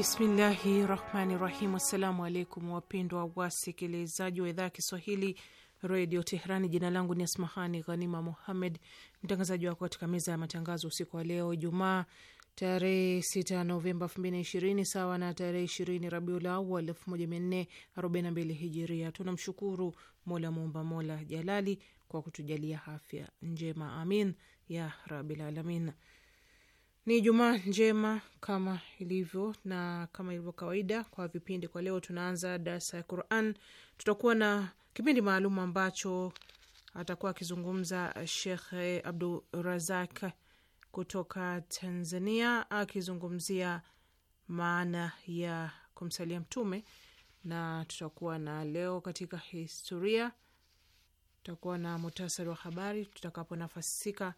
Bismillahi rahmani rahim. Assalamu alaikum wapendwa wasikilizaji wa idhaa ya Kiswahili redio Teherani. Jina langu ni Asmahani Ghanima Muhammed, mtangazaji wako katika meza ya matangazo usiku wa leo ijumaa tarehe 6 Novemba 2020 sawa na tarehe 20 Rabiul Awal 1442 Hijiria. Tunamshukuru Mola Muumba, Mola Jalali kwa kutujalia afya njema, amin ya rabil alamin. Ni Jumaa njema kama ilivyo na kama ilivyo kawaida kwa vipindi. Kwa leo tunaanza darsa ya Quran. Tutakuwa na kipindi maalum ambacho atakuwa akizungumza Shekh Abdurazak kutoka Tanzania, akizungumzia maana ya kumsalia Mtume, na tutakuwa na leo katika historia, tutakuwa na muhtasari wa habari tutakaponafasika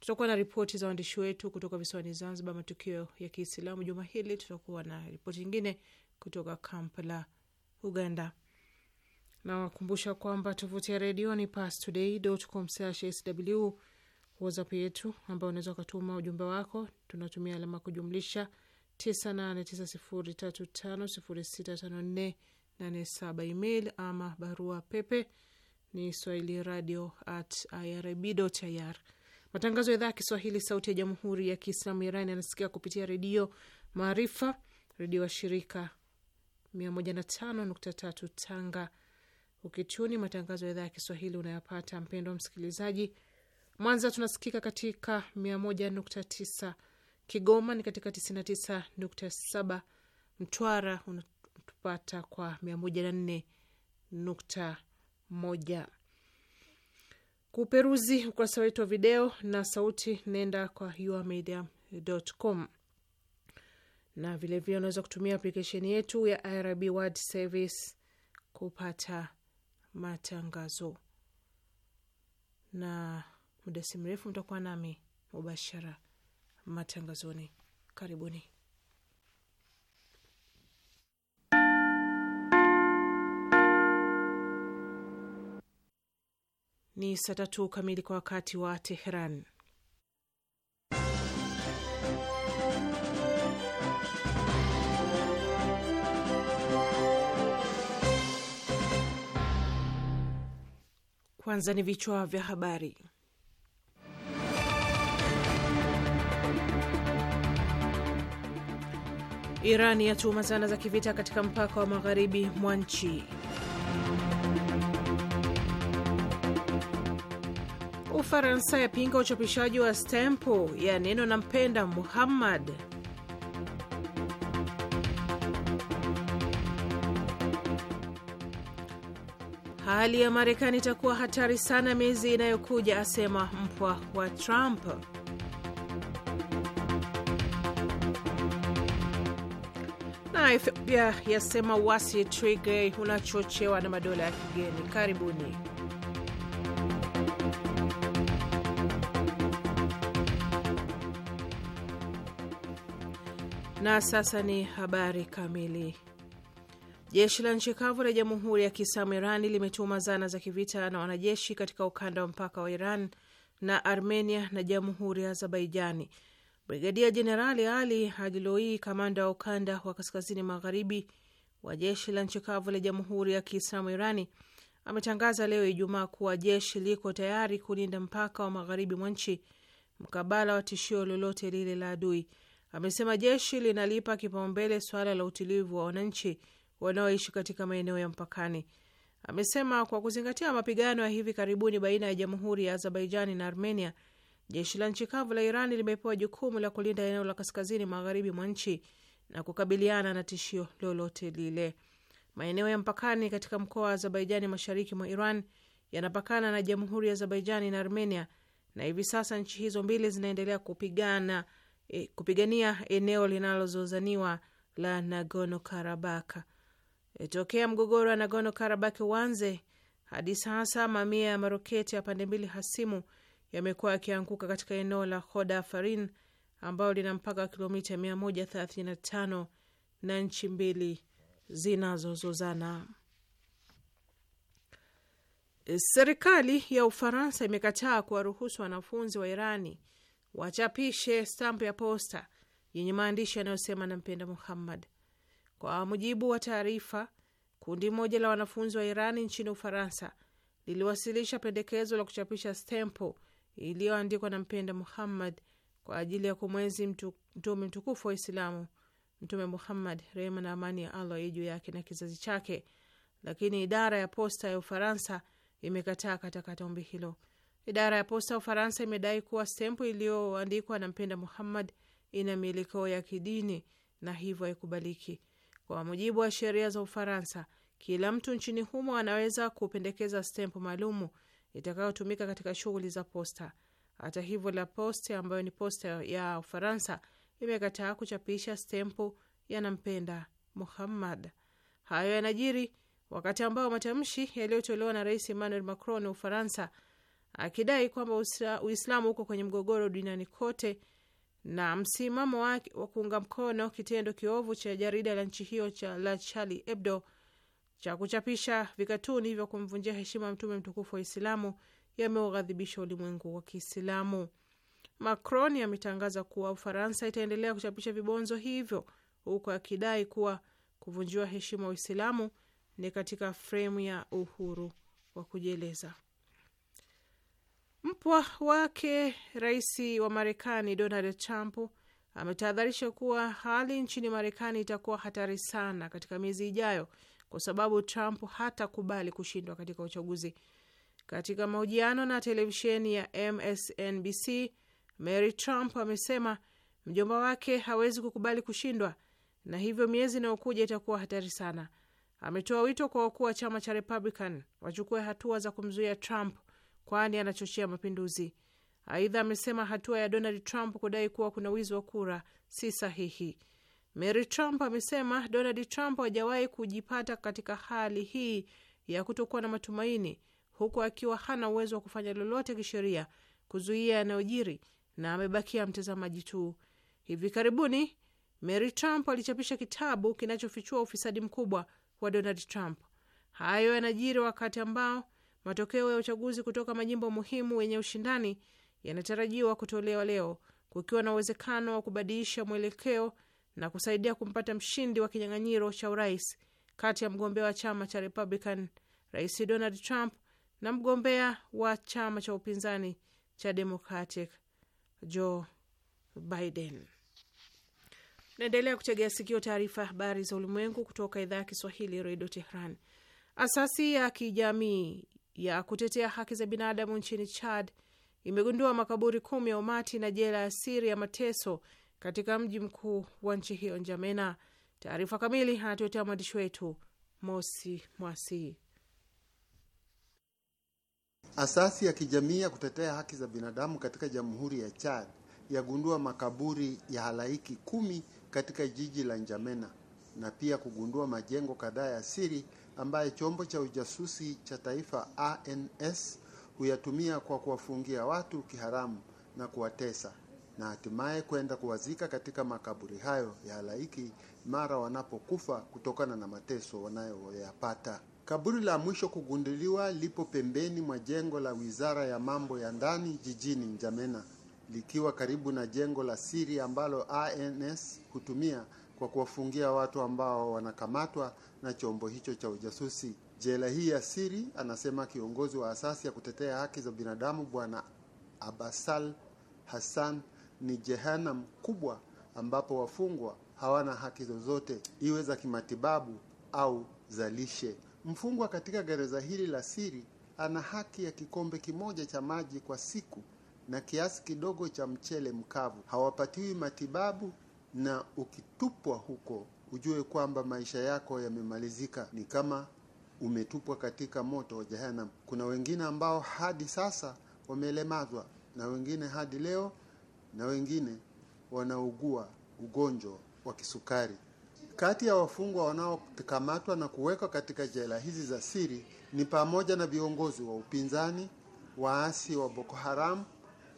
Tutakuwa na ripoti za waandishi wetu kutoka visiwani Zanzibar, matukio ya Kiislamu juma hili. Tutakuwa na ripoti nyingine kutoka Kampala, Uganda. Nawakumbusha kwamba tovuti ya redio ni pastoday.com/sw. WhatsApp yetu ambayo unaweza ukatuma ujumbe wako, tunatumia alama kujumlisha 989035065487. Email ama barua pepe ni swahili radio at irib.ir. Matangazo ya idhaa ya Kiswahili sauti ya jamhuri ya Kiislamu Iran yanasikia kupitia redio Maarifa, redio wa shirika 105.3 Tanga. Ukichuni matangazo ya idhaa ya Kiswahili unayapata mpendo msikilizaji. Mwanza tunasikika katika 101.9, Kigoma ni katika 99.7, Mtwara unatupata kwa 104.1 kuperuzi ukurasa wetu wa video na sauti, nenda kwa yourmedia.com na vilevile unaweza kutumia aplikesheni yetu ya IRIB World Service kupata matangazo, na muda si mrefu mtakuwa nami mubashara matangazoni. Karibuni. Ni saa tatu kamili kwa wakati wa Teheran. Kwanza ni vichwa vya habari. Iran yatuma zana za kivita katika mpaka wa magharibi mwa nchi. Ufaransa yapinga uchapishaji wa stempu ya neno nampenda Muhammad. Hali ya Marekani itakuwa hatari sana miezi inayokuja, asema mpwa wa Trump. Na Ethiopia yasema wasi Tigray unachochewa na madola ya kigeni. Karibuni. Na sasa ni habari kamili. Jeshi la nchi kavu la Jamhuri ya Kiislamu Irani limetuma zana za kivita na wanajeshi katika ukanda wa mpaka wa Iran na Armenia na Jamhuri ya Azerbaijani. Brigadia Jenerali Ali Hadiloi, kamanda wa ukanda wa kaskazini magharibi wa jeshi la nchi kavu la Jamhuri ya Kiislamu Irani, ametangaza leo Ijumaa kuwa jeshi liko tayari kulinda mpaka wa magharibi mwa nchi mkabala wa tishio lolote lile la adui amesema jeshi linalipa kipaumbele suala la utulivu wa wananchi wanaoishi katika maeneo ya mpakani. Amesema kwa kuzingatia mapigano ya hivi karibuni baina ya jamhuri ya Azerbaijani na Armenia, jeshi la nchi kavu la Iran limepewa jukumu la kulinda eneo la kaskazini magharibi mwa nchi na kukabiliana na tishio lolote lile. Maeneo ya mpakani katika mkoa wa Azerbaijani mashariki mwa Iran yanapakana na jamhuri ya Azerbaijani na Armenia, na hivi sasa nchi hizo mbili zinaendelea kupigana e, kupigania eneo linalozozaniwa la Nagono Karabaka. E, eh, tokea mgogoro wa nagono karabak uanze hadi sasa mamia ya maroketi ya pande mbili hasimu yamekuwa yakianguka katika eneo la Hoda Farin ambayo lina mpaka wa kilomita 135 na nchi mbili zinazozozana. Eh, serikali ya Ufaransa imekataa kuwaruhusu wanafunzi wa Irani wachapishe stampu ya posta yenye maandishi yanayosema nampenda Muhammad. Kwa mujibu wa taarifa, kundi moja la wanafunzi wa Irani nchini Ufaransa liliwasilisha pendekezo la kuchapisha stempo iliyoandikwa na mpenda Muhammad kwa ajili ya kumwenzi mtume mtukufu wa Islamu, Mtume Muhammad, rehema na amani ya Allah juu yake na kizazi chake, lakini idara ya posta ya Ufaransa imekataa katakata ombi hilo. Idara ya posta ya Ufaransa imedai kuwa stempu iliyoandikwa na Mpenda Muhammad ina mielekeo ya kidini na hivyo haikubaliki. Kwa mujibu wa sheria za Ufaransa, kila mtu nchini humo anaweza kupendekeza stempu maalumu itakayotumika katika shughuli za posta. Hata hivyo, La Poste ambayo ni posta ya Ufaransa imekataa kuchapisha stempu ya Nampenda Muhammad. Hayo yanajiri wakati ambao matamshi yaliyotolewa na Rais Emmanuel Macron wa Ufaransa akidai kwamba Uislamu uko kwenye mgogoro duniani kote na msimamo wake wa kuunga mkono kitendo kiovu cha jarida la nchi hiyo cha la Charlie Hebdo cha kuchapisha vikatuni vya kumvunjia heshima mtume mtukufu wa Uislamu yameughadhibisha ulimwengu wa Kiislamu. Macron ametangaza kuwa Ufaransa itaendelea kuchapisha vibonzo hivyo huku akidai kuwa kuvunjiwa heshima Uislamu ni katika fremu ya uhuru wa kujieleza mpwa wake rais wa Marekani Donald Trump ametahadharisha kuwa hali nchini Marekani itakuwa hatari sana katika miezi ijayo kwa sababu Trump hatakubali kushindwa katika uchaguzi. Katika mahojiano na televisheni ya MSNBC, Mary Trump amesema mjomba wake hawezi kukubali kushindwa na hivyo miezi inayokuja itakuwa hatari sana. Ametoa wito kwa wakuu wa chama cha Republican wachukue hatua za kumzuia Trump kwani anachochea mapinduzi. Aidha, amesema hatua ya Donald Trump kudai kuwa kuna wizi wa kura si sahihi. Mary Trump amesema Donald Trump hajawahi kujipata katika hali hii ya kutokuwa na matumaini, huku akiwa hana uwezo wa kufanya lolote kisheria kuzuia yanayojiri na amebakia mtazamaji tu. Hivi karibuni Mary Trump alichapisha kitabu kinachofichua ufisadi mkubwa wa Donald Trump. Hayo yanajiri wakati ambao Matokeo ya uchaguzi kutoka majimbo muhimu yenye ushindani yanatarajiwa kutolewa leo, kukiwa na uwezekano wa kubadilisha mwelekeo na kusaidia kumpata mshindi wa kinyang'anyiro cha urais kati ya mgombea wa chama cha Republican Rais Donald Trump na mgombea wa chama cha upinzani cha Democratic Joe Biden. Naendelea kutegea sikio taarifa ya habari za ulimwengu kutoka idhaa ya Kiswahili, Redio Tehran. Asasi ya kijamii ya kutetea haki za binadamu nchini Chad imegundua makaburi kumi ya umati na jela ya siri ya mateso katika mji mkuu wa nchi hiyo Njamena. Taarifa kamili anatuletea mwandishi wetu Mosi Mwasi. Asasi ya kijamii ya kutetea haki za binadamu katika Jamhuri ya Chad yagundua makaburi ya halaiki kumi katika jiji la Njamena na pia kugundua majengo kadhaa ya siri ambaye chombo cha ujasusi cha taifa ANS huyatumia kwa kuwafungia watu kiharamu na kuwatesa na hatimaye kwenda kuwazika katika makaburi hayo ya halaiki mara wanapokufa kutokana na mateso wanayoyapata. Kaburi la mwisho kugunduliwa lipo pembeni mwa jengo la Wizara ya Mambo ya Ndani jijini Njamena, likiwa karibu na jengo la siri ambalo ANS hutumia kwa kuwafungia watu ambao wanakamatwa na chombo hicho cha ujasusi. Jela hii ya siri, anasema kiongozi wa asasi ya kutetea haki za binadamu Bwana Abasal Hassan, ni jehanam kubwa ambapo wafungwa hawana haki zozote, iwe za kimatibabu au za lishe. Mfungwa katika gereza hili la siri ana haki ya kikombe kimoja cha maji kwa siku na kiasi kidogo cha mchele mkavu. Hawapatiwi matibabu na ukitupwa huko ujue kwamba maisha yako yamemalizika, ni kama umetupwa katika moto wa jehanamu. Kuna wengine ambao hadi sasa wamelemazwa, na wengine hadi leo, na wengine wanaugua ugonjwa wa kisukari. Kati ya wafungwa wanaokamatwa na kuwekwa katika jela hizi za siri ni pamoja na viongozi wa upinzani, waasi wa Boko Haram,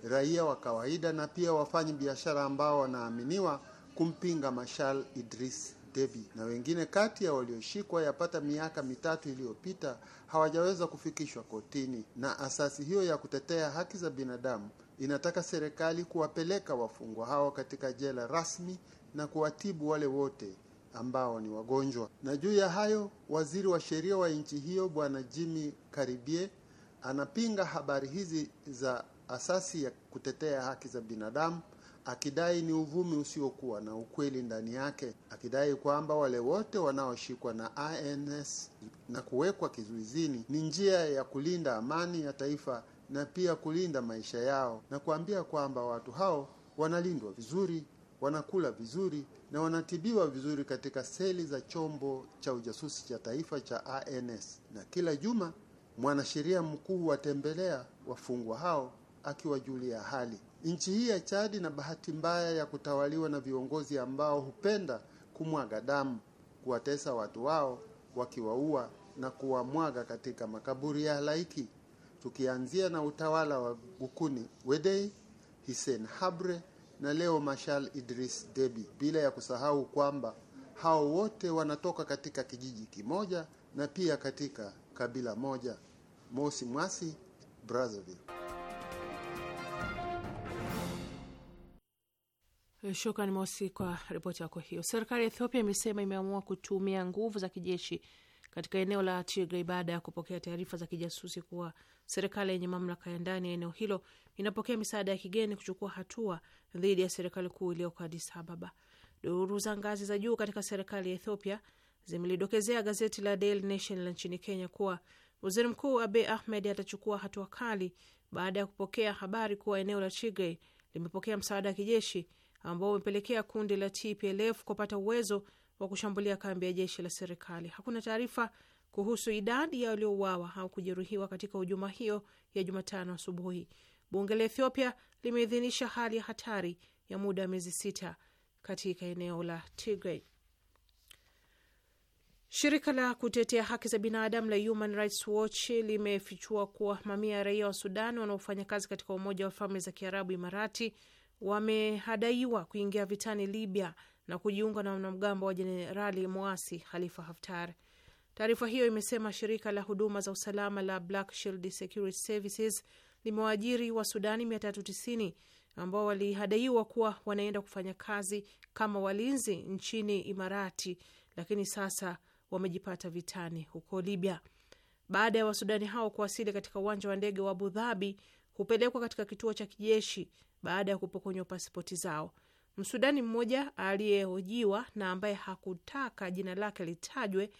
raia wa kawaida na pia wafanyi biashara ambao wanaaminiwa kumpinga Mashal Idris Debi na wengine kati ya walioshikwa yapata miaka mitatu iliyopita hawajaweza kufikishwa kotini. Na asasi hiyo ya kutetea haki za binadamu inataka serikali kuwapeleka wafungwa hao katika jela rasmi na kuwatibu wale wote ambao ni wagonjwa. Na juu ya hayo, waziri wa sheria wa nchi hiyo Bwana Jimmy Karibie anapinga habari hizi za asasi ya kutetea haki za binadamu akidai ni uvumi usiokuwa na ukweli ndani yake, akidai kwamba wale wote wanaoshikwa na INS na kuwekwa kizuizini ni njia ya kulinda amani ya taifa na pia kulinda maisha yao, na kuambia kwamba watu hao wanalindwa vizuri, wanakula vizuri na wanatibiwa vizuri katika seli za chombo cha ujasusi cha taifa cha INS, na kila juma mwanasheria mkuu watembelea wafungwa hao akiwajulia hali. Nchi hii ya chadi na bahati mbaya ya kutawaliwa na viongozi ambao hupenda kumwaga damu, kuwatesa watu wao, wakiwaua na kuwamwaga katika makaburi ya halaiki, tukianzia na utawala wa Gukuni Wedei, Hisen Habre na leo marshal Idris Debi, bila ya kusahau kwamba hao wote wanatoka katika kijiji kimoja na pia katika kabila moja. Mosi Mwasi, Brazzaville. Eh, shukran Mosi kwa ripoti yako hiyo. Serikali ya Ethiopia imesema imeamua kutumia nguvu za kijeshi katika eneo la Tigray baada ya kupokea taarifa za kijasusi kuwa serikali yenye mamlaka ya ndani ya eneo hilo inapokea misaada ya kigeni kuchukua hatua dhidi ya serikali kuu iliyoko Addis Ababa. Duru za ngazi za juu katika serikali ya Ethiopia zimelidokezea gazeti la Daily Nation la nchini Kenya kuwa waziri mkuu Abiy Ahmed atachukua hatua kali baada ya kupokea habari kuwa eneo la Tigray limepokea msaada wa kijeshi ambao umepelekea kundi la TPLF kupata uwezo wa kushambulia kambi ya jeshi la serikali. Hakuna taarifa kuhusu idadi ya waliouawa au kujeruhiwa katika hujuma hiyo ya Jumatano asubuhi. Bunge la Ethiopia limeidhinisha hali ya hatari ya muda wa miezi sita katika eneo la Tigray. Shirika la kutetea haki za binadamu la Human Rights Watch limefichua kuwa mamia ya raia wa Sudan wanaofanya kazi katika Umoja wa Falme za Kiarabu Imarati wamehadaiwa kuingia vitani Libya na kujiunga na wanamgambo wa jenerali mwasi Khalifa Haftar. Taarifa hiyo imesema shirika la huduma za usalama la Black Shield Security Services limewaajiri wa Sudani 390 ambao walihadaiwa kuwa wanaenda kufanya kazi kama walinzi nchini Imarati, lakini sasa wamejipata vitani huko Libya. Baada ya Wasudani hao kuwasili katika uwanja wa ndege wa Abu Dhabi, hupelekwa katika kituo cha kijeshi baada ya kupokonywa pasipoti zao. Msudani mmoja aliyehojiwa na ambaye hakutaka jina lake litajwe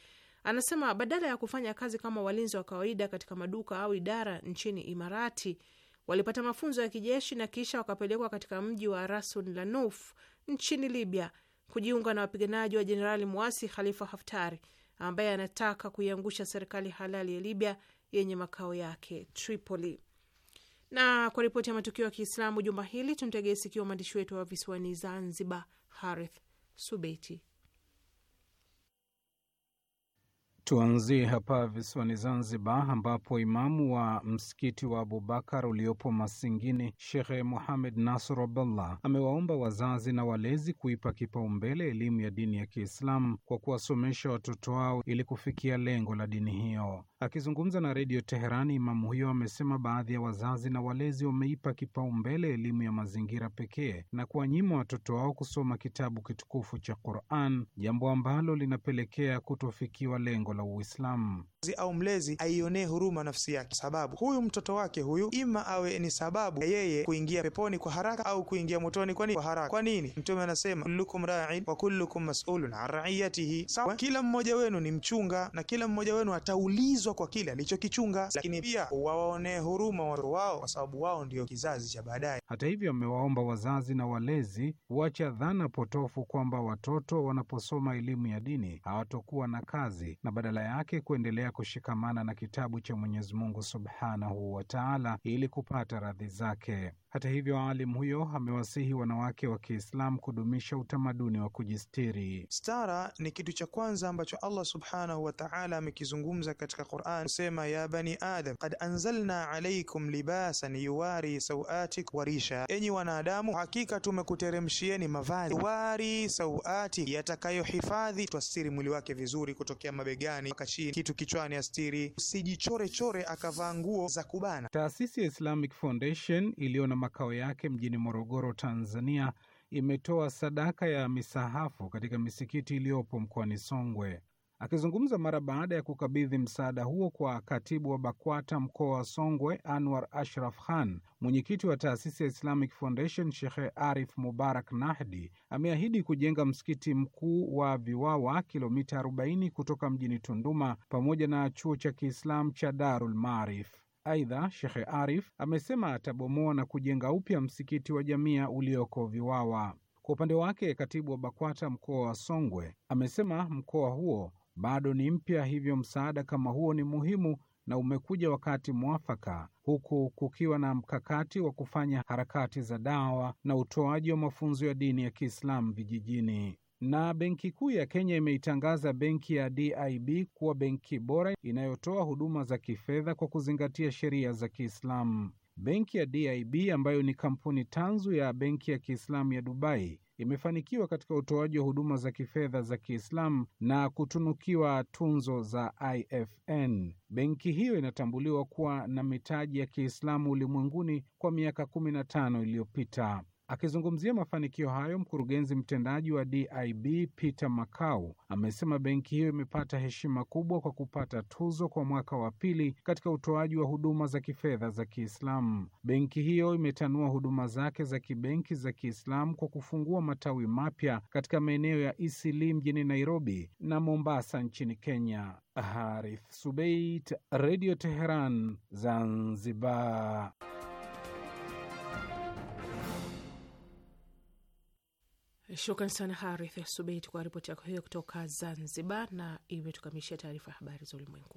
anasema badala ya kufanya kazi kama walinzi wa kawaida katika maduka au idara nchini Imarati, walipata mafunzo ya kijeshi na kisha wakapelekwa katika mji wa Rasun Lanuf nchini Libya kujiunga na wapiganaji wa jenerali mwasi Khalifa Haftari ambaye anataka kuiangusha serikali halali ya Libya yenye makao yake Tripoli. Na kwa ripoti ya matukio ya Kiislamu juma hili, tumtegee sikio mwandishi wetu wa visiwani Zanzibar, Harith Subeti. Tuanzie hapa visiwani Zanzibar, ambapo imamu wa msikiti wa Abubakar uliopo Masingini, Shekhe Muhamed Nasr Abdullah amewaomba wazazi na walezi kuipa kipaumbele elimu ya dini ya Kiislamu kwa kuwasomesha watoto wao ili kufikia lengo la dini hiyo. Akizungumza na redio Teherani, imamu huyo amesema baadhi ya wazazi na walezi wameipa kipaumbele elimu ya mazingira pekee na kuwanyima watoto wao kusoma kitabu kitukufu cha Quran, jambo ambalo linapelekea kutofikiwa lengo la Uislamu au mlezi aionee huruma nafsi yake, sababu huyu mtoto wake huyu ima awe ni sababu yeye kuingia peponi kwa haraka au kuingia motoni nini? kwa haraka. Kwa nini? Mtume anasema kullukum ra'in wa kullukum mas'ulun an ra'iyatihi, sawa. Kila mmoja wenu ni mchunga na kila mmoja wenu ataulizwa kwa kile alichokichunga, lakini pia wawaonee huruma watoto wao, kwa sababu wao ndio kizazi cha baadaye. Hata hivyo, amewaomba wazazi na walezi kuacha dhana potofu kwamba watoto wanaposoma elimu ya dini hawatokuwa na kazi na badala yake kuendelea ya kushikamana na kitabu cha Mwenyezi Mungu subhanahu wa taala ili kupata radhi zake. Hata hivyo, alim huyo amewasihi wanawake wa Kiislamu kudumisha utamaduni wa kujistiri. Stara ni kitu cha kwanza ambacho Allah subhanahu wa ta'ala amekizungumza katika Quran, kusema ya bani adam qad anzalna alaykum libasan yuwari sawatikum warisha, enyi wanadamu, hakika tumekuteremshieni mavazi yuwari sawati, yatakayohifadhi twastiri mwili wake vizuri kutokea mabegani mpaka chini, kitu kichwani astiri, usijichorechore akavaa nguo za kubana. Taasisi ya Islamic Foundation iliyo na makao yake mjini Morogoro, Tanzania, imetoa sadaka ya misahafu katika misikiti iliyopo mkoani Songwe. Akizungumza mara baada ya kukabidhi msaada huo kwa katibu wa BAKWATA mkoa wa Songwe, Anwar Ashraf Khan, mwenyekiti wa taasisi ya Islamic Foundation Shekhe Arif Mubarak Nahdi ameahidi kujenga msikiti mkuu wa Viwawa, kilomita 40 kutoka mjini Tunduma, pamoja na chuo cha Kiislamu cha Darul Maarif. Aidha, Shekhe Arif amesema atabomoa na kujenga upya msikiti wa Jamia ulioko Viwawa. Kwa upande wake, katibu wa BAKWATA mkoa wa Songwe amesema mkoa huo bado ni mpya, hivyo msaada kama huo ni muhimu na umekuja wakati mwafaka, huku kukiwa na mkakati wa kufanya harakati za dawa na utoaji wa mafunzo ya dini ya Kiislamu vijijini. Na Benki Kuu ya Kenya imeitangaza benki ya DIB kuwa benki bora inayotoa huduma za kifedha kwa kuzingatia sheria za Kiislamu. Benki ya DIB ambayo ni kampuni tanzu ya benki ya Kiislamu ya Dubai imefanikiwa katika utoaji wa huduma za kifedha za Kiislamu na kutunukiwa tunzo za IFN. Benki hiyo inatambuliwa kuwa na mitaji ya Kiislamu ulimwenguni kwa miaka kumi na tano iliyopita. Akizungumzia mafanikio hayo, mkurugenzi mtendaji wa DIB Peter Makau amesema benki hiyo imepata heshima kubwa kwa kupata tuzo kwa mwaka wa pili katika utoaji wa huduma za kifedha za Kiislamu. Benki hiyo imetanua huduma zake za kibenki za Kiislamu kwa kufungua matawi mapya katika maeneo ya isili mjini Nairobi na Mombasa nchini Kenya. Harith Subeit, Radio Teheran, Zanzibar. Shukran sana Harith Subeit kwa ripoti yako hiyo kutoka Zanzibar, na imetukamilishia taarifa ya habari za ulimwengu.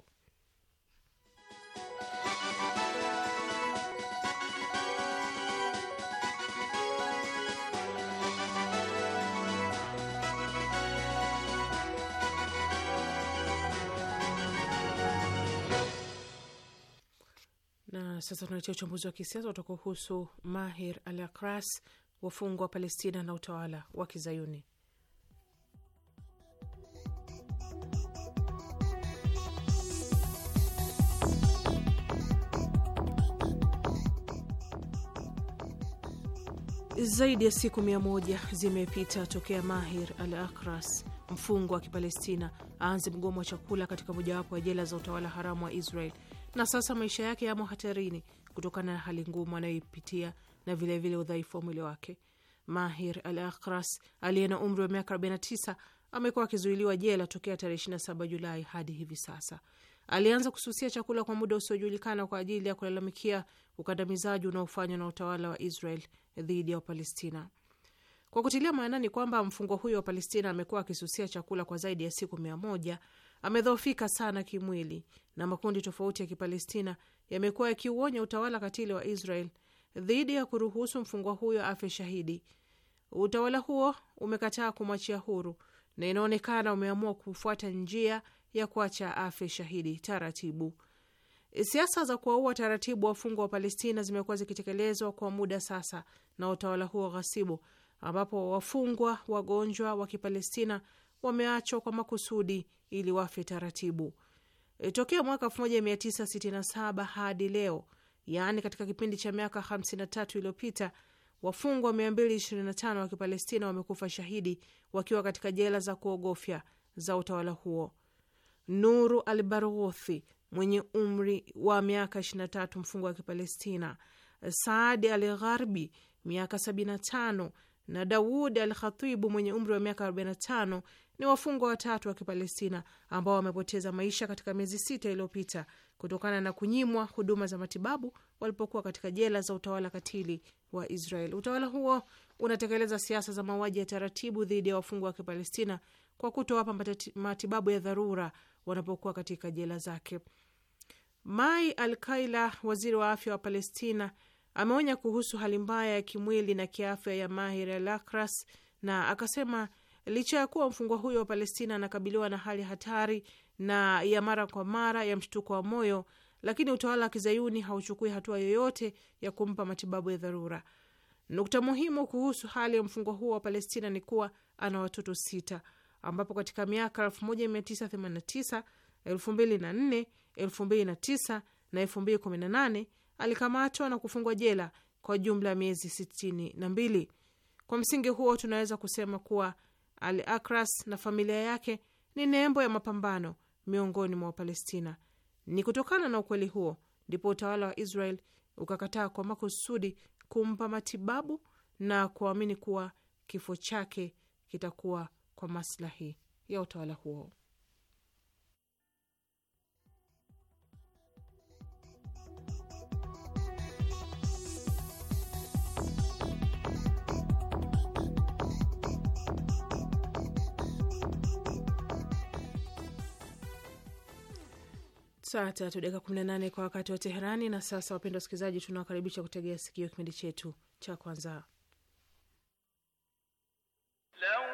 Na sasa tunaletia uchambuzi wa kisiasa utakuhusu Mahir Al Akras wafungwa wa Palestina na utawala wa Kizayuni. Zaidi ya siku mia moja zimepita tokea Mahir al Akras, mfungwa wa Kipalestina, aanze mgomo wa chakula katika mojawapo ya jela za utawala haramu wa Israel, na sasa maisha yake yamo hatarini kutokana na hali ngumu anayoipitia na vilevile udhaifu wa mwili wake. Mahir Al Akras aliye na umri wa miaka 49 amekuwa akizuiliwa jela tokea tarehe 27 Julai hadi hivi sasa. Alianza kususia chakula kwa muda usiojulikana kwa ajili ya kulalamikia ukandamizaji unaofanywa na utawala wa Israel dhidi ya Wapalestina, kwa kutilia maanani kwamba mfungwa huyo wa Palestina amekuwa akisusia chakula kwa zaidi ya siku mia moja. Amedhoofika sana kimwili na makundi tofauti ya Kipalestina yamekuwa yakiuonya utawala katili wa Israel dhidi ya kuruhusu mfungwa huyo afe shahidi. Utawala huo umekataa kumwachia huru na inaonekana umeamua kufuata njia ya kuacha afe shahidi taratibu. Siasa za kuwaua taratibu wafungwa wa Palestina zimekuwa zikitekelezwa kwa muda sasa na utawala huo ghasibu, ambapo wafungwa wagonjwa wa Kipalestina wameachwa kwa makusudi ili wafe taratibu. E, tokea mwaka 1967 hadi leo yaani katika kipindi cha miaka 53 iliyopita wafungwa 225 wa Kipalestina wamekufa shahidi wakiwa katika jela za kuogofya za utawala huo. Nuru al Barghuthi mwenye umri wa miaka 23, mfungwa wa Kipalestina, Saadi al Gharbi miaka 75 na daud al Khatibu mwenye umri wa miaka 45 ni wafungwa watatu wa Kipalestina ambao wamepoteza maisha katika miezi sita iliyopita kutokana na kunyimwa huduma za matibabu walipokuwa katika jela za utawala katili wa Israel. Utawala huo unatekeleza siasa za mauaji ya taratibu dhidi ya wafungwa wa Kipalestina kwa kutowapa matibabu ya dharura wanapokuwa katika jela zake. Mai Alkaila, waziri wa afya wa Palestina, ameonya kuhusu hali mbaya ya kimwili na kiafya ya Mahir Alakras na akasema Licha ya kuwa mfungwa huyo wa Palestina anakabiliwa na hali hatari na ya mara kwa mara ya mshtuko wa moyo, lakini utawala wa kizayuni hauchukui hatua yoyote ya kumpa matibabu ya dharura. Nukta muhimu kuhusu hali ya mfungwa huo wa Palestina ni kuwa ana watoto sita, ambapo katika miaka 1989, 2004, 2009 na 2018 alikamatwa na kufungwa jela kwa jumla ya miezi 62. Kwa msingi huo tunaweza kusema kuwa Al Akras na familia yake ni nembo ya mapambano miongoni mwa Wapalestina. Ni kutokana na ukweli huo ndipo utawala wa Israel ukakataa kwa makusudi kumpa matibabu na kuamini kuwa kifo chake kitakuwa kwa maslahi ya utawala huo. Saa tatu dakika 18 kwa wakati wa Teherani. Na sasa, wapendwa wasikilizaji, tunawakaribisha kutegea sikio kipindi chetu cha kwanza Leo.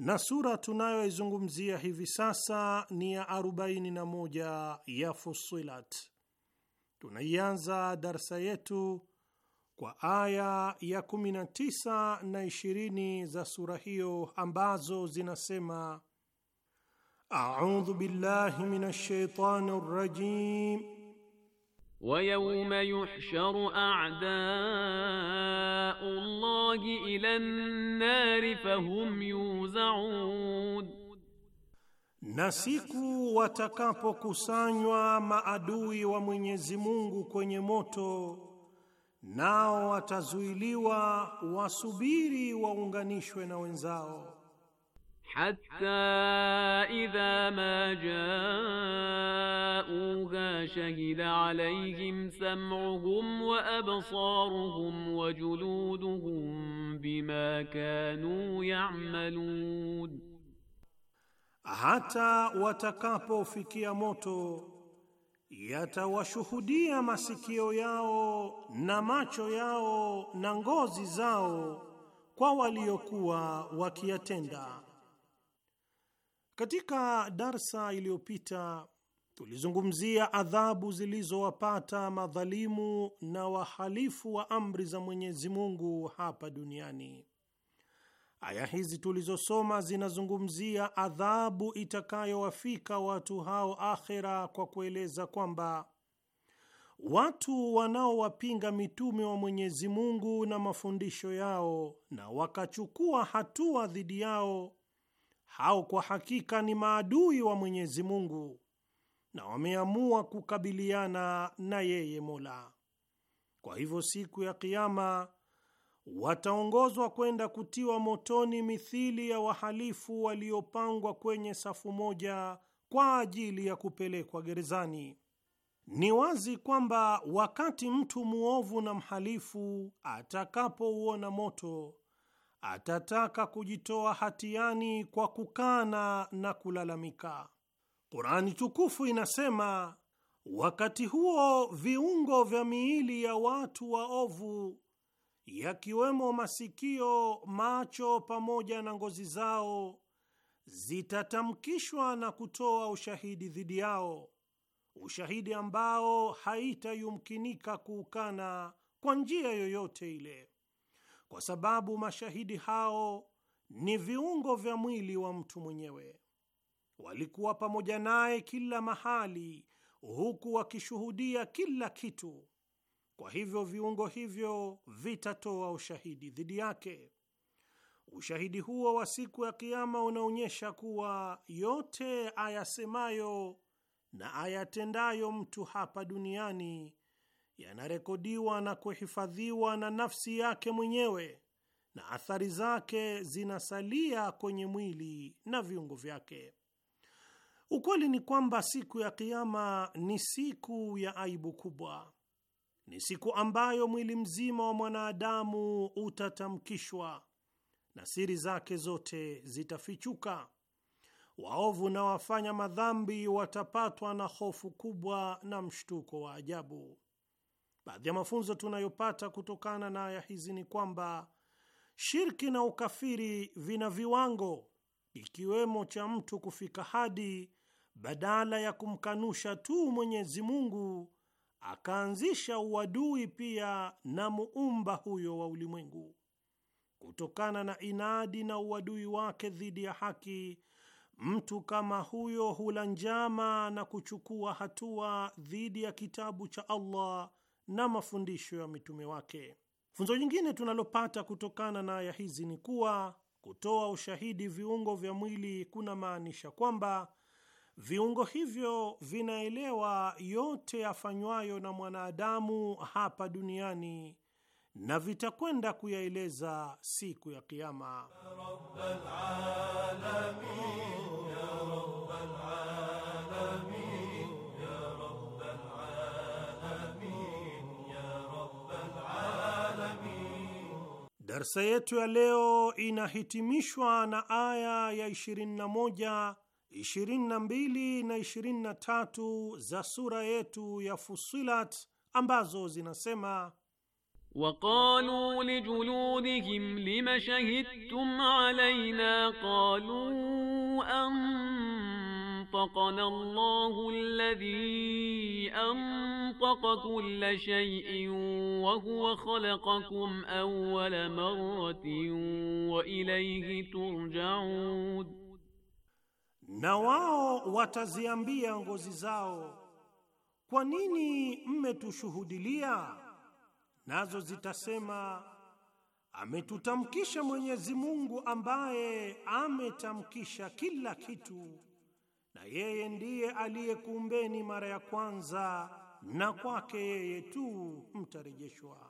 na sura tunayoizungumzia hivi sasa ni ya 41 ya Fusilat. Tunaianza darsa yetu kwa aya ya 19 na 20 za sura hiyo ambazo zinasema: audhu billahi minash shaitani rajim ويوم يحشر أعداء الله إلى النار فهم يوزعون na siku watakapokusanywa maadui wa Mwenyezi Mungu kwenye moto, nao watazuiliwa wasubiri waunganishwe na wenzao Hatta idha ma jauha shahida alayhim sam'uhum wa absaruhum wa juluduhum bima kanu ya'malun, hata watakapofikia moto yatawashuhudia masikio yao na macho yao na ngozi zao kwa waliokuwa wakiyatenda. Katika darsa iliyopita tulizungumzia adhabu zilizowapata madhalimu na wahalifu wa amri za Mwenyezi Mungu hapa duniani. Aya hizi tulizosoma zinazungumzia adhabu itakayowafika watu hao akhera, kwa kueleza kwamba watu wanaowapinga mitume wa Mwenyezi Mungu na mafundisho yao na wakachukua hatua dhidi yao hao kwa hakika ni maadui wa Mwenyezi Mungu na wameamua kukabiliana na yeye Mola. Kwa hivyo siku ya Kiama wataongozwa kwenda kutiwa motoni mithili ya wahalifu waliopangwa kwenye safu moja kwa ajili ya kupelekwa gerezani. Ni wazi kwamba wakati mtu mwovu na mhalifu atakapouona moto atataka kujitoa hatiani kwa kukana na kulalamika. qurani tukufu inasema, wakati huo viungo vya miili ya watu waovu yakiwemo masikio, macho pamoja na ngozi zao zitatamkishwa na kutoa ushahidi dhidi yao, ushahidi ambao haitayumkinika kuukana kwa njia yoyote ile kwa sababu mashahidi hao ni viungo vya mwili wa mtu mwenyewe. Walikuwa pamoja naye kila mahali, huku wakishuhudia kila kitu. Kwa hivyo viungo hivyo vitatoa ushahidi dhidi yake. Ushahidi huo wa siku ya Kiama unaonyesha kuwa yote ayasemayo na ayatendayo mtu hapa duniani yanarekodiwa na kuhifadhiwa na nafsi yake mwenyewe na athari zake zinasalia kwenye mwili na viungo vyake. Ukweli ni kwamba siku ya Kiama ni siku ya aibu kubwa. Ni siku ambayo mwili mzima wa mwanadamu utatamkishwa na siri zake zote zitafichuka. Waovu na wafanya madhambi watapatwa na hofu kubwa na mshtuko wa ajabu. Baadhi ya mafunzo tunayopata kutokana na aya hizi ni kwamba shirki na ukafiri vina viwango, ikiwemo cha mtu kufika hadi badala ya kumkanusha tu Mwenyezi Mungu akaanzisha uadui pia na muumba huyo wa ulimwengu. Kutokana na inadi na uadui wake dhidi ya haki, mtu kama huyo hula njama na kuchukua hatua dhidi ya kitabu cha Allah na mafundisho ya mitume wake. Funzo jingine tunalopata kutokana na aya hizi ni kuwa kutoa ushahidi viungo vya mwili kuna maanisha kwamba viungo hivyo vinaelewa yote yafanywayo na mwanadamu hapa duniani na vitakwenda kuyaeleza siku ya Kiama. Darsa yetu ya leo inahitimishwa na aya ya 21, 22 23 za sura yetu ya Fusilat ambazo zinasema waqalu lijuludihim lima shahidtum alayna qalu an أنطقنا الله الذي أنطق كل شيء وهو خلقكم أول مرة وإليه ترجعون na wao wataziambia ngozi zao, kwa nini mmetushuhudilia? Nazo zitasema ametutamkisha Mwenyezi Mungu ambaye ametamkisha kila kitu na yeye ndiye aliyekuumbeni mara ya kwanza na kwake yeye tu mtarejeshwa.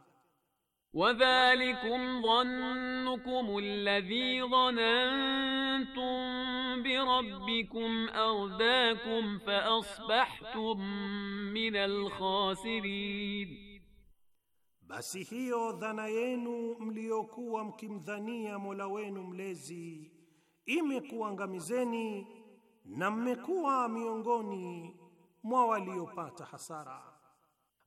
وذلكم ظنكم الذي ظننتم بربكم أرداكم فأصبحتم من الخاسرين Basi hiyo dhana yenu mliyokuwa mkimdhania Mola wenu mlezi imekuangamizeni na mmekuwa miongoni mwa waliopata hasara.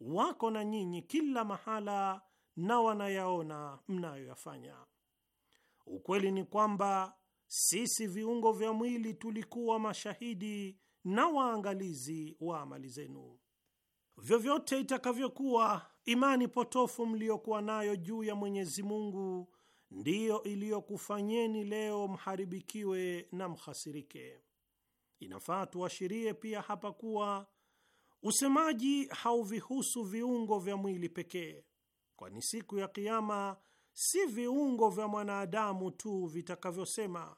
wako na nyinyi kila mahala na wanayaona mnayoyafanya. Ukweli ni kwamba sisi viungo vya mwili tulikuwa mashahidi na waangalizi wa amali zenu. Vyovyote itakavyokuwa imani potofu mliyokuwa nayo juu ya Mwenyezi Mungu ndiyo iliyokufanyeni leo mharibikiwe na mhasirike. Inafaa tuashirie pia hapa kuwa Usemaji hauvihusu viungo vya mwili pekee, kwani siku ya Kiama si viungo vya mwanadamu tu vitakavyosema,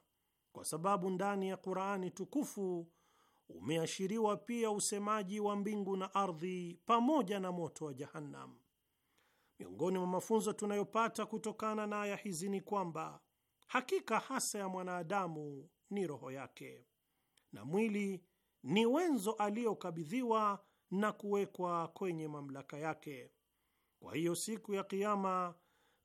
kwa sababu ndani ya Qur'ani tukufu umeashiriwa pia usemaji wa mbingu na ardhi pamoja na moto wa Jahannam. Miongoni mwa mafunzo tunayopata kutokana na aya hizi ni kwamba hakika hasa ya mwanadamu ni roho yake na mwili ni wenzo aliyokabidhiwa na kuwekwa kwenye mamlaka yake. Kwa hiyo siku ya Kiama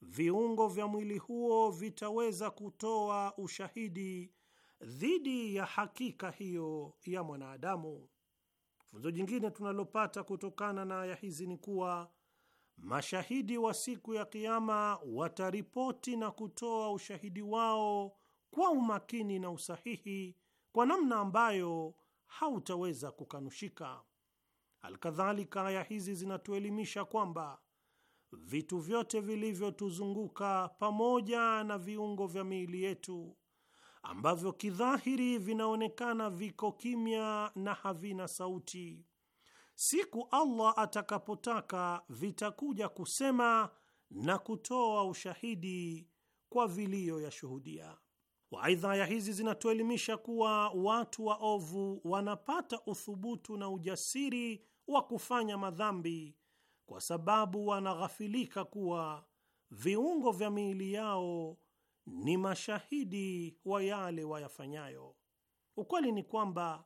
viungo vya mwili huo vitaweza kutoa ushahidi dhidi ya hakika hiyo ya mwanadamu. Funzo jingine tunalopata kutokana na aya hizi ni kuwa mashahidi wa siku ya Kiama wataripoti na kutoa ushahidi wao kwa umakini na usahihi, kwa namna ambayo hautaweza kukanushika. Alkadhalika, aya hizi zinatuelimisha kwamba vitu vyote vilivyotuzunguka pamoja na viungo vya miili yetu ambavyo kidhahiri vinaonekana viko kimya na havina sauti, siku Allah atakapotaka vitakuja kusema na kutoa ushahidi kwa vilio ya shuhudia. Waaidha, ya hizi zinatuelimisha kuwa watu waovu wanapata uthubutu na ujasiri wa kufanya madhambi kwa sababu wanaghafilika kuwa viungo vya miili yao ni mashahidi wa yale wayafanyayo. Ukweli ni kwamba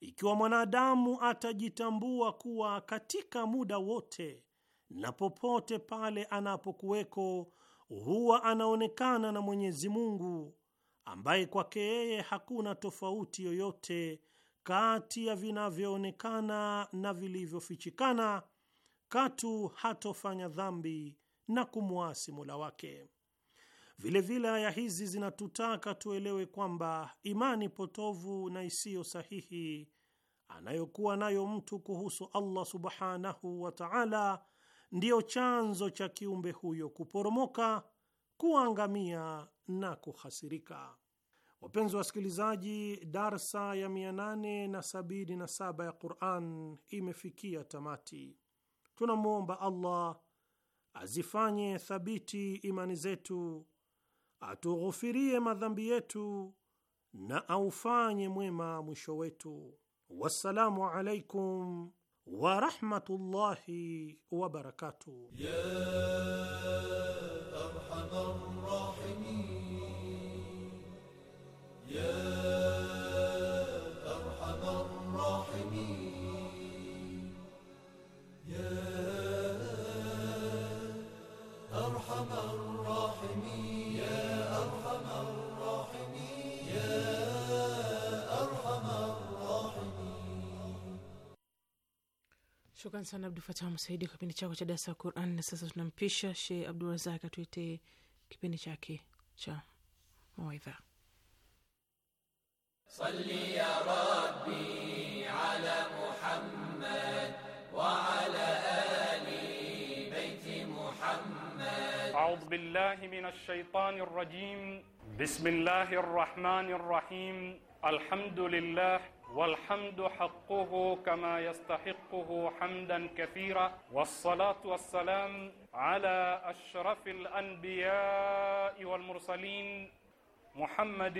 ikiwa mwanadamu atajitambua kuwa katika muda wote na popote pale anapokuweko huwa anaonekana na Mwenyezi Mungu ambaye kwake yeye hakuna tofauti yoyote kati ya vinavyoonekana na vilivyofichikana, katu hatofanya dhambi na kumwasi Mola wake. Vilevile aya hizi zinatutaka tuelewe kwamba imani potovu na isiyo sahihi anayokuwa nayo mtu kuhusu Allah subhanahu wa ta'ala ndiyo chanzo cha kiumbe huyo kuporomoka, kuangamia na kuhasirika. Wapenzi wa wasikilizaji, darsa ya 877 ya Quran imefikia tamati. Tunamwomba Allah azifanye thabiti imani zetu, atughufirie madhambi yetu na aufanye mwema mwisho wetu. Wassalamu alaikum wa rahmatullahi wa barakatuh. Ya يا أرحم الراحمين يا أرحم الراحمين يا أرحم الراحمين يا أرحم الراحمين Shukran sana Abdul Fatah Musaidi kwa kipindi chako cha darasa ya Quran, na sasa tunampisha Sheikh Abdul Razak atuite kipindi chake cha mawaidha. صل يا ربي على محمد وعلى آل بيت محمد أعوذ بالله من الشيطان الرجيم بسم الله الرحمن الرحيم الحمد لله والحمد حقه كما يستحقه حمدا كثيرا والصلاة والسلام على أشرف الأنبياء والمرسلين محمد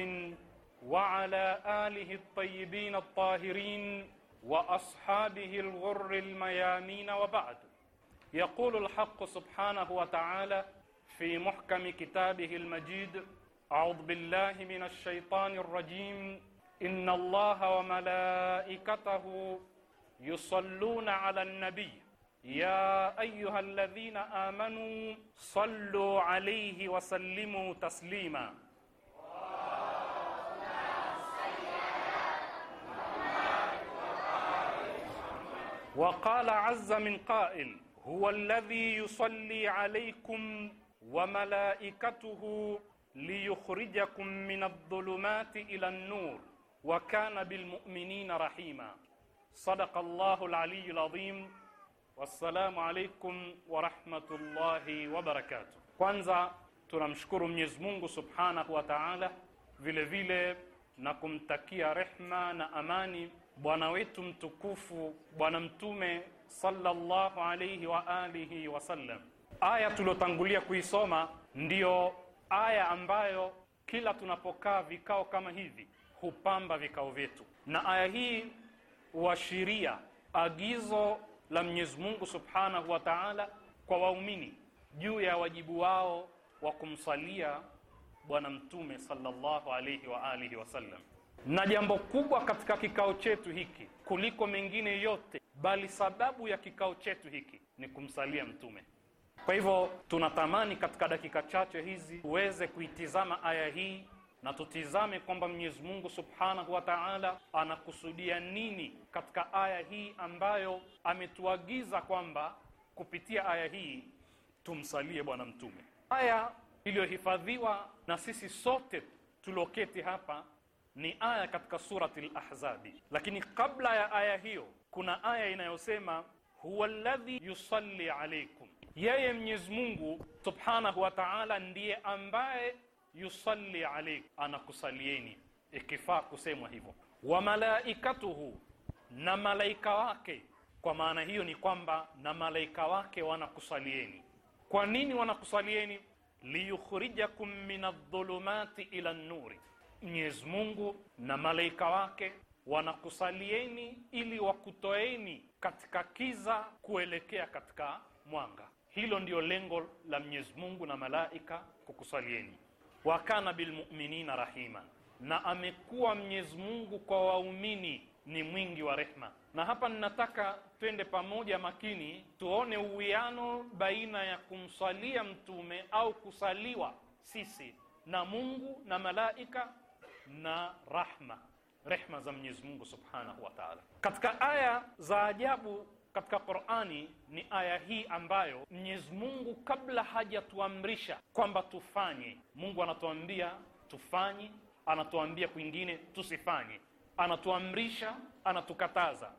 وعلى آله الطيبين الطاهرين وأصحابه الغر الميامين وبعد يقول الحق سبحانه وتعالى في محكم كتابه المجيد أعوذ بالله من الشيطان الرجيم إن الله وملائكته يصلون على النبي يا أيها الذين آمنوا صلوا عليه وسلموا تسليماً وقال عز من قائل هو الذي يصلي عليكم وملائكته ليخرجكم من الظلمات إلى النور وكان بالمؤمنين رحيما صدق الله العلي العظيم والسلام عليكم ورحمة الله وبركاته kwanza tunamshukuru Mwenyezi Mungu Subhanahu wa Ta'ala vile vile na kumtakia rehma na amani bwana wetu mtukufu Bwana Mtume sallallahu alayhi wa alihi sallam. Aya tuliotangulia kuisoma ndiyo aya ambayo kila tunapokaa vikao kama hivi hupamba vikao vyetu, na aya hii huashiria agizo la Mwenyezi Mungu subhanahu wa taala kwa waumini juu ya wajibu wao wa kumsalia Bwana Mtume sallallahu alayhi wa alihi wasallam na jambo kubwa katika kikao chetu hiki kuliko mengine yote, bali sababu ya kikao chetu hiki ni kumsalia Mtume. Kwa hivyo tunatamani katika dakika chache hizi tuweze kuitizama aya hii na tutizame kwamba Mwenyezi Mungu Subhanahu wa Ta'ala anakusudia nini katika aya hii ambayo ametuagiza kwamba kupitia aya hii tumsalie Bwana Mtume, aya iliyohifadhiwa na sisi sote tulioketi hapa ni aya katika surati al lakini kabla ya aya hiyo kuna aya inayosema huwa alladhi yusalli alaykum, yeye Mwenyezi Mungu subhanahu wa ta'ala ndiye ambaye yusalli alaykum, anakusalieni. Ikifaa kusemwa hivyo, wa malaikatuhu, na malaika wake. Kwa maana hiyo ni kwamba na malaika wake wanakusalieni. Kwa nini wanakusalieni? liyukhrijakum min adh-dhulumati ila an-nuri Mwenyezi Mungu na malaika wake wanakusalieni ili wakutoeni katika kiza kuelekea katika mwanga. Hilo ndio lengo la Mwenyezi Mungu na malaika kukusalieni. Wakana bilmuminina rahima, na amekuwa Mwenyezi Mungu kwa waumini ni mwingi wa rehma. Na hapa ninataka twende pamoja makini, tuone uwiano baina ya kumsalia mtume au kusaliwa sisi na Mungu na malaika na rahma rehma za Mwenyezi Mungu Subhanahu wa Ta'ala. Katika aya za ajabu katika Qur'ani ni aya hii ambayo Mwenyezi Mungu kabla hajatuamrisha kwamba tufanye, Mungu anatuambia tufanye, anatuambia kwingine tusifanye, anatuamrisha, anatukataza.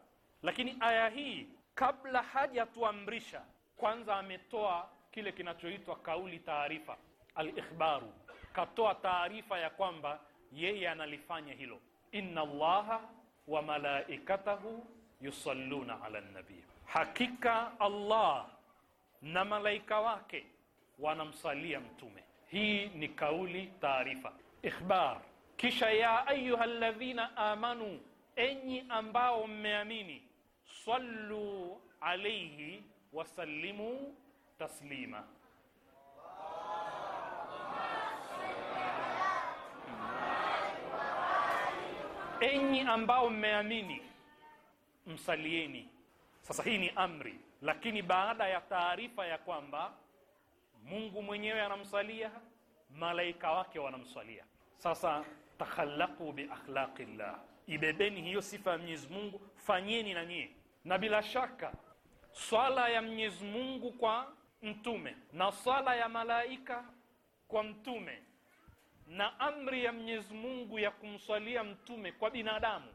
Lakini aya hii kabla hajatuamrisha, kwanza ametoa kile kinachoitwa kauli taarifa, al-ikhbaru, katoa taarifa ya kwamba yeye analifanya hilo. Inna Allaha wa malaikatahu yusalluna ala nabi, hakika Allah na malaika wake wanamsalia mtume. Hii ni kauli taarifa, ikhbar. Kisha ya ayuha alladhina amanu, enyi ambao mmeamini, sallu alaihi wasallimu taslima enyi ambao mmeamini msalieni sasa hii ni amri lakini baada ya taarifa ya kwamba Mungu mwenyewe anamsalia malaika wake wanamsalia sasa takhallaqu bi akhlaqillah ibebeni hiyo sifa ya Mwenyezi Mungu fanyeni na nyie na bila shaka swala ya Mwenyezi Mungu kwa mtume na swala ya malaika kwa mtume na amri ya Mwenyezi Mungu ya kumswalia mtume kwa binadamu,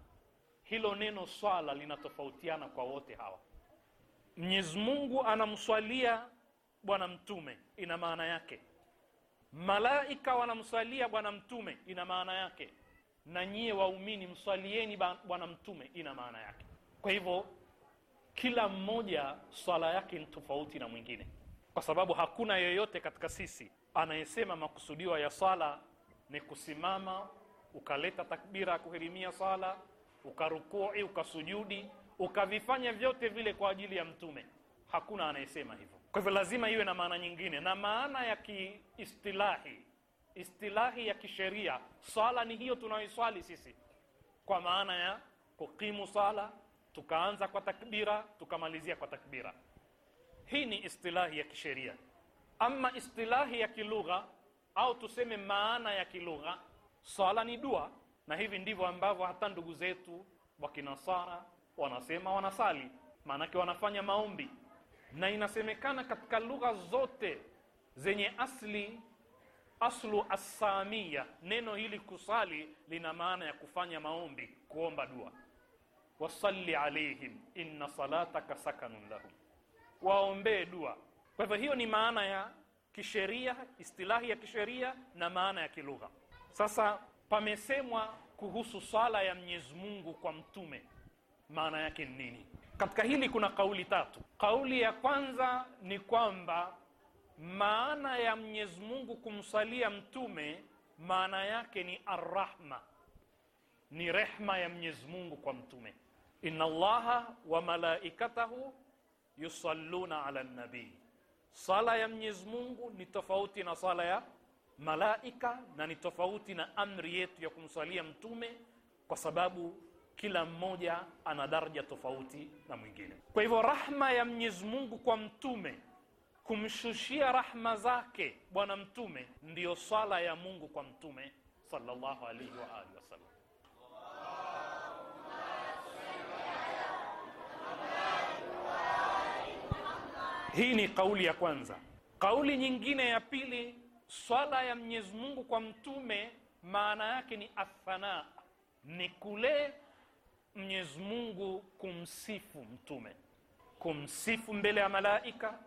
hilo neno swala linatofautiana kwa wote hawa. Mwenyezi Mungu anamswalia bwana mtume, ina maana yake. Malaika wanamswalia bwana mtume, ina maana yake. Na nyie waumini mswalieni bwana mtume, ina maana yake. Kwa hivyo kila mmoja swala yake ni tofauti na mwingine, kwa sababu hakuna yeyote katika sisi anayesema makusudiwa ya swala ni kusimama ukaleta takbira ya kuhirimia sala, ukarukui, eh, ukasujudi, ukavifanya vyote vile kwa ajili ya Mtume. Hakuna anayesema hivyo. Kwa hivyo lazima iwe na maana nyingine, na maana ya kiistilahi, istilahi ya kisheria. Swala ni hiyo tunayoiswali sisi, kwa maana ya kukimu sala, tukaanza kwa takbira, tukamalizia kwa takbira. Hii ni istilahi ya kisheria. Ama istilahi ya kilugha au tuseme maana ya kilugha, sala ni dua, na hivi ndivyo ambavyo hata ndugu zetu wa Kinasara wanasema wanasali, maanake wanafanya maombi, na inasemekana katika lugha zote zenye asli aslu assamia, neno hili kusali lina maana ya kufanya maombi, kuomba dua. Wasalli alaihim inna salataka sakanun lahum, waombee dua. Kwa hivyo hiyo ni maana ya kisheria, istilahi ya kisheria na maana ya kilugha. Sasa pamesemwa kuhusu swala ya Mwenyezi Mungu kwa mtume, maana yake ni nini? Katika hili kuna kauli tatu. Kauli ya kwanza ni kwamba maana ya Mwenyezi Mungu kumsalia mtume maana yake ni arrahma, ni rehma ya Mwenyezi Mungu kwa mtume. Inna Allaha wa malaikatahu yusalluna ala nabii Sala ya Mwenyezi Mungu ni tofauti na sala ya malaika na ni tofauti na amri yetu ya kumswalia mtume, kwa sababu kila mmoja ana daraja tofauti na mwingine. Kwa hivyo rahma ya Mwenyezi Mungu kwa mtume, kumshushia rahma zake bwana mtume, ndiyo sala ya Mungu kwa mtume sallallahu alaihi wa alihi wasallam. Hii ni kauli ya kwanza. Kauli nyingine ya pili, swala ya Mwenyezi Mungu kwa mtume maana yake ni athana ni kule Mwenyezi Mungu kumsifu mtume, kumsifu mbele ya malaika,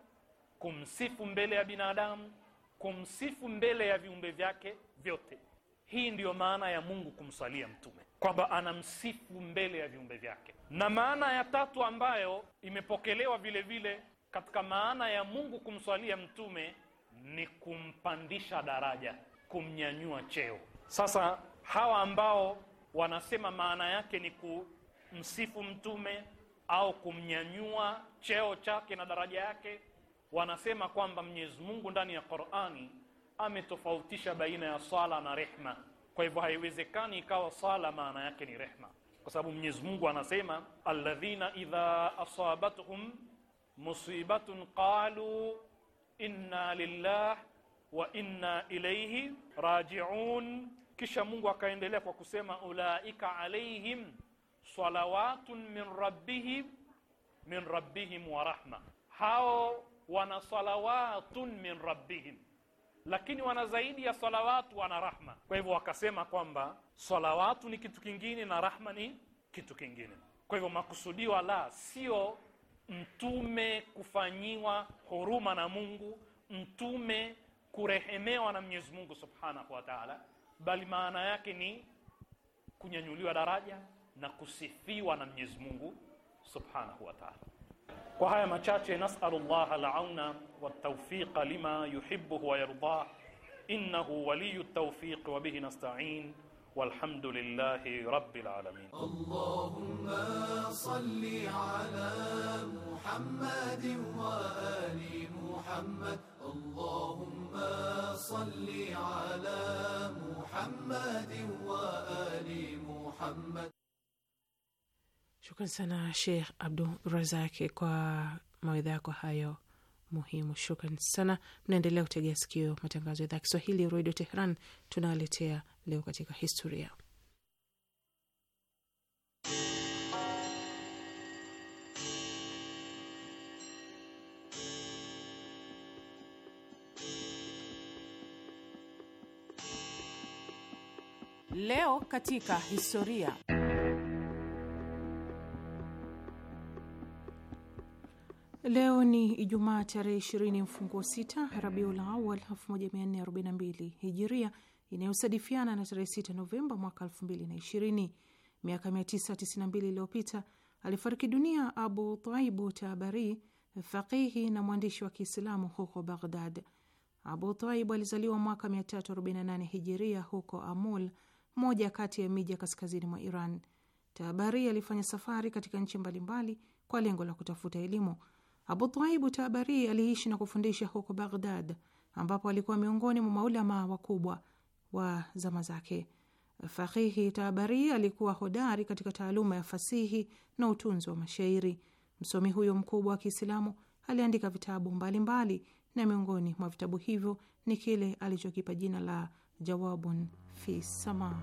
kumsifu mbele ya binadamu, kumsifu mbele ya viumbe vyake vyote. Hii ndiyo maana ya Mungu kumswalia mtume, kwamba anamsifu mbele ya viumbe vyake. Na maana ya tatu ambayo imepokelewa vile vile katika maana ya Mungu kumswalia mtume ni kumpandisha daraja, kumnyanyua cheo. Sasa hawa ambao wanasema maana yake ni kumsifu mtume au kumnyanyua cheo chake na daraja yake, wanasema kwamba Mwenyezi Mungu ndani ya Qur'ani ametofautisha baina ya sala na rehma. Kwa hivyo haiwezekani ikawa sala maana yake ni rehma, kwa sababu Mwenyezi Mungu anasema alladhina idha asabatuhum musibatun qalu inna lillah wa inna ilayhi rajiun kisha Mungu akaendelea kwa kusema ulaika alayhim salawatun min rabbihim min rabbihim wa rahma hao wana salawatun min rabbihim lakini wana zaidi ya salawatu wana rahma kwa hivyo wakasema kwamba salawatu ni kitu kingine na rahma ni kitu kingine kwa hivyo makusudiwa la sio mtume kufanyiwa huruma na Mungu, mtume kurehemewa na Mwenyezi Mungu Subhanahu wa Ta'ala, bali maana yake ni kunyanyuliwa daraja na kusifiwa na Mwenyezi Mungu Subhanahu wa Ta'ala. Kwa haya machache, nas'alullaha al-auna wat-tawfiqa lima yuhibbu wa yardah innahu waliyut tawfiq wa bihi nasta'in. والحمد لله رب العالمين اللهم صل على محمد وآل محمد اللهم صل على محمد وآل محمد شكرا sana شيخ عبد الرزاق kwa mawaidha yako hayo. muhimu. Shukran sana, mnaendelea kutegea sikio matangazo ya idhaa Kiswahili redio Tehran. Tunawaletea leo katika historia Leo katika historia Leo ni Ijumaa tarehe 20 mfunguo sita Rabiul Awal 1442 Hijiria, inayosadifiana na tarehe 6 Novemba mwaka ishirini. Miaka 992 iliyopita alifariki dunia Abu Taibu Tabari, faqihi na mwandishi wa Kiislamu huko Baghdad. Abu Taibu alizaliwa mwaka 348 Hijiria huko Amul, moja kati ya miji ya kaskazini mwa Iran. Tabari alifanya safari katika nchi mbalimbali kwa lengo la kutafuta elimu. Abu Taibu Tabari aliishi na kufundisha huko Baghdad, ambapo alikuwa miongoni mwa maulamaa wakubwa wa zama zake. Fakihi Tabari alikuwa hodari katika taaluma ya fasihi na utunzi wa mashairi. Msomi huyo mkubwa wa Kiislamu aliandika vitabu mbalimbali mbali, na miongoni mwa vitabu hivyo ni kile alichokipa jina la Jawabun fi Sama.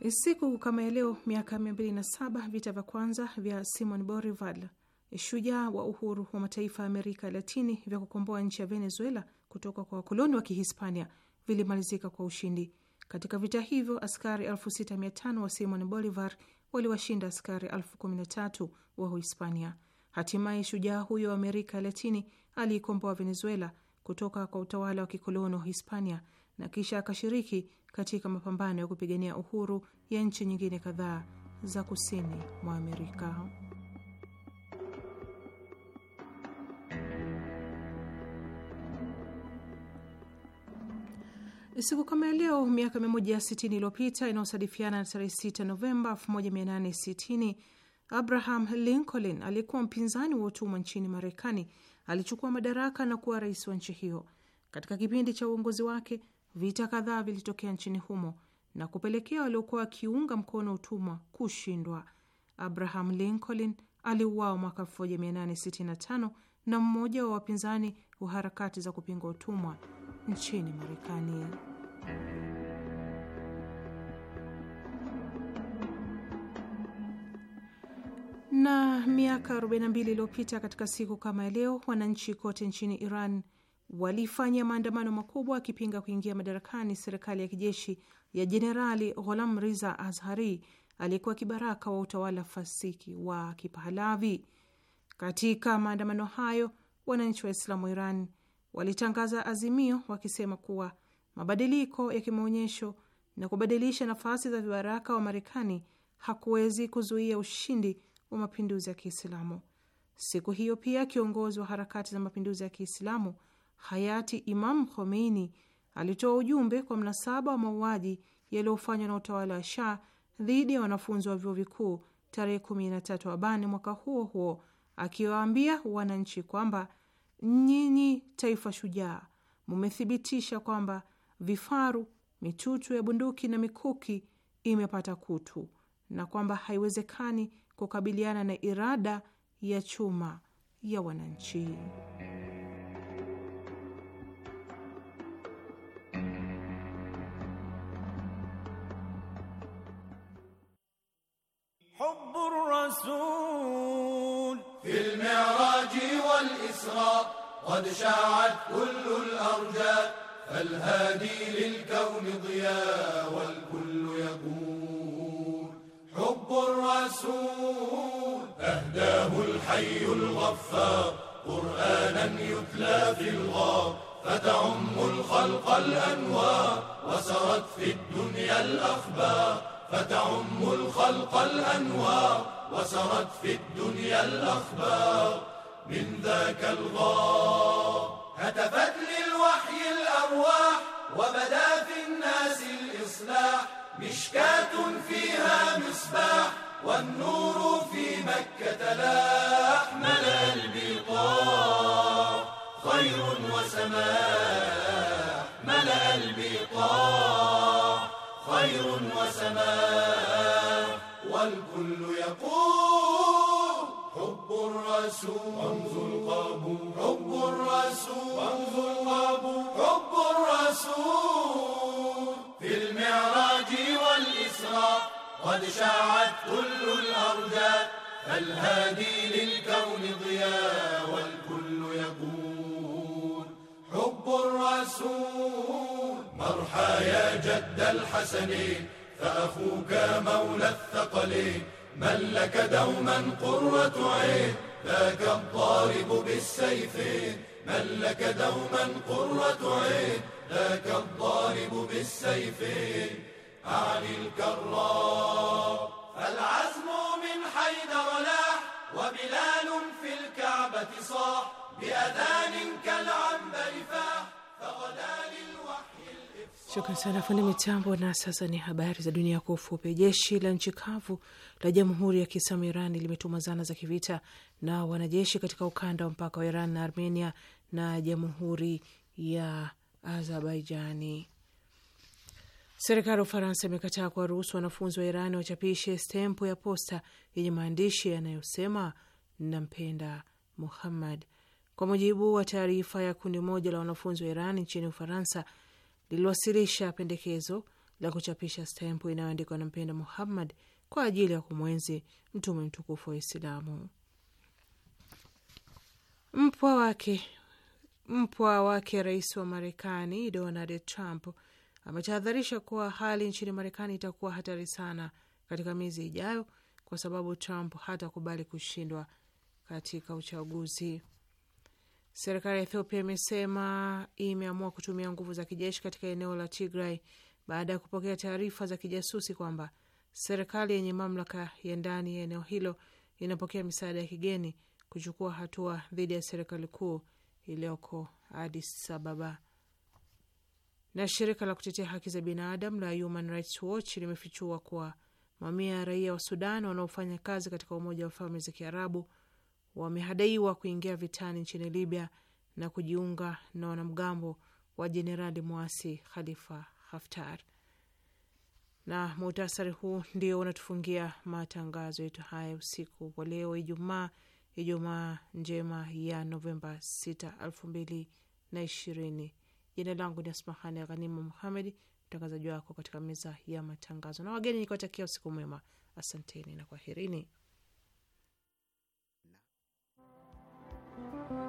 E, siku kama ya leo miaka saba vita vya kwanza vya Simon Bolivar, e, shujaa wa uhuru wa mataifa ya Amerika Latini, vya kukomboa nchi ya Venezuela kutoka kwa wakoloni wa Kihispania vilimalizika kwa ushindi. Katika vita hivyo askari tano wa Simon Bolivar waliwashinda askari tatu wa Uhispania. Hatimaye shujaa huyo wa Amerika Latini aliikomboa Venezuela kutoka kwa utawala wa kikoloni wa Hispania na kisha akashiriki katika mapambano ya kupigania uhuru ya nchi nyingine kadhaa za kusini mwa Amerika. Siku kama leo miaka 160 iliyopita inayosadifiana na tarehe 6 Novemba 1860, Abraham Lincoln aliyekuwa mpinzani wa utumwa nchini Marekani alichukua madaraka na kuwa rais wa nchi hiyo. Katika kipindi cha uongozi wake Vita kadhaa vilitokea nchini humo na kupelekea waliokuwa wakiunga mkono utumwa kushindwa. Abraham Lincoln aliuawa mwaka 1865 na mmoja wa wapinzani wa harakati za kupinga utumwa nchini Marekani. Na miaka 42 iliyopita katika siku kama leo, wananchi kote nchini Iran walifanya maandamano makubwa akipinga kuingia madarakani serikali ya kijeshi ya Jenerali Gholam Riza Azhari aliyekuwa kibaraka wa utawala fasiki wa Kipahalavi. Katika maandamano hayo, wananchi wa Islamu wa Iran walitangaza azimio wakisema kuwa mabadiliko ya kimaonyesho na kubadilisha nafasi za vibaraka wa Marekani hakuwezi kuzuia ushindi wa mapinduzi ya Kiislamu. Siku hiyo pia kiongozi wa harakati za mapinduzi ya Kiislamu hayati Imam Khomeini alitoa ujumbe kwa mnasaba wa mauaji yaliyofanywa na utawala wa Shah dhidi ya wanafunzi wa vyuo vikuu tarehe 13 Abani mwaka huo huo, akiwaambia wananchi kwamba nyinyi taifa shujaa, mumethibitisha kwamba vifaru, mitutu ya bunduki na mikuki imepata kutu na kwamba haiwezekani kukabiliana na irada ya chuma ya wananchi. الرسول في المعراج والإسراء قد شاعت كل الأرجاء فالهادي للكون ضياء والكل يقول حب الرسول أهداه الحي الغفار قرآنا يتلى في الغار فتعم الخلق الأنوار وسرت في الدنيا الأخبار فتعم الخلق الأنوار وسرت في الدنيا الأخبار من ذاك الغار هتفت للوحي الأرواح وبدا في الناس الإصلاح مشكاة فيها مصباح والنور في مكة لاح ملأ البقاع خير وسماح ملأ البقاع خير وسماح والكل يقول حب الرسول رمز القبول حب الرسول رمز القبول حب الرسول في المعراج والإسراء قد شاعت كل الأرجاء فالهادي للكون ضياء والكل يقول حب الرسول مرحى يا جد الحسنين فأخوك مولى الثقلين من لك دوما قرة عين ذاك الضارب بالسيف من لك دوما قرة عين ذاك الضارب بالسيف أعني الكرار فالعزم من حيدر لاح وبلال في الكعبة صاح بأذان كالعنبر فاح فغدا للوحي Shukran sana fundi mitambo. Na sasa ni habari za dunia kwa ufupi. Jeshi la nchi kavu la Jamhuri ya Kiislamu Iran limetuma zana za kivita na wanajeshi katika ukanda wa mpaka wa Iran na Armenia na Jamhuri ya Azerbaijani. Serikali ya Ufaransa imekataa kuwaruhusu wanafunzi wa iran wachapishe stempu ya posta yenye maandishi yanayosema nampenda Muhammad. Kwa mujibu wa taarifa ya kundi moja la wanafunzi wa iran nchini Ufaransa, liliwasilisha pendekezo la kuchapisha stempu inayoandikwa na mpenda Muhammad kwa ajili ya kumwenzi mtume mtukufu wa Islamu. Mpwa wake mpwa wake rais wa Marekani Donald Trump ametahadharisha kuwa hali nchini Marekani itakuwa hatari sana katika miezi ijayo, kwa sababu Trump hatakubali kushindwa katika uchaguzi. Serikali ya Ethiopia imesema imeamua kutumia nguvu za kijeshi katika eneo la Tigray baada ya kupokea taarifa za kijasusi kwamba serikali yenye mamlaka ya ndani ya eneo hilo inapokea misaada ya kigeni kuchukua hatua dhidi ya serikali kuu iliyoko Addis Ababa. Na shirika la kutetea haki za binadamu la Human Rights Watch limefichua kuwa mamia ya raia wa Sudan wanaofanya kazi katika Umoja wa Falme za Kiarabu wamehadaiwa kuingia vitani nchini Libya na kujiunga na wanamgambo wa jenerali mwasi Khalifa Haftar. Na muhtasari huu ndio unatufungia matangazo yetu haya usiku wa leo Ijumaa. Ijumaa njema ya Novemba 6, 2020. Jina langu ni Asmahani Ghanima Muhamedi, mtangazaji wako katika meza ya matangazo, na wageni nikiwatakia usiku mwema. Asanteni na kwaherini. thank you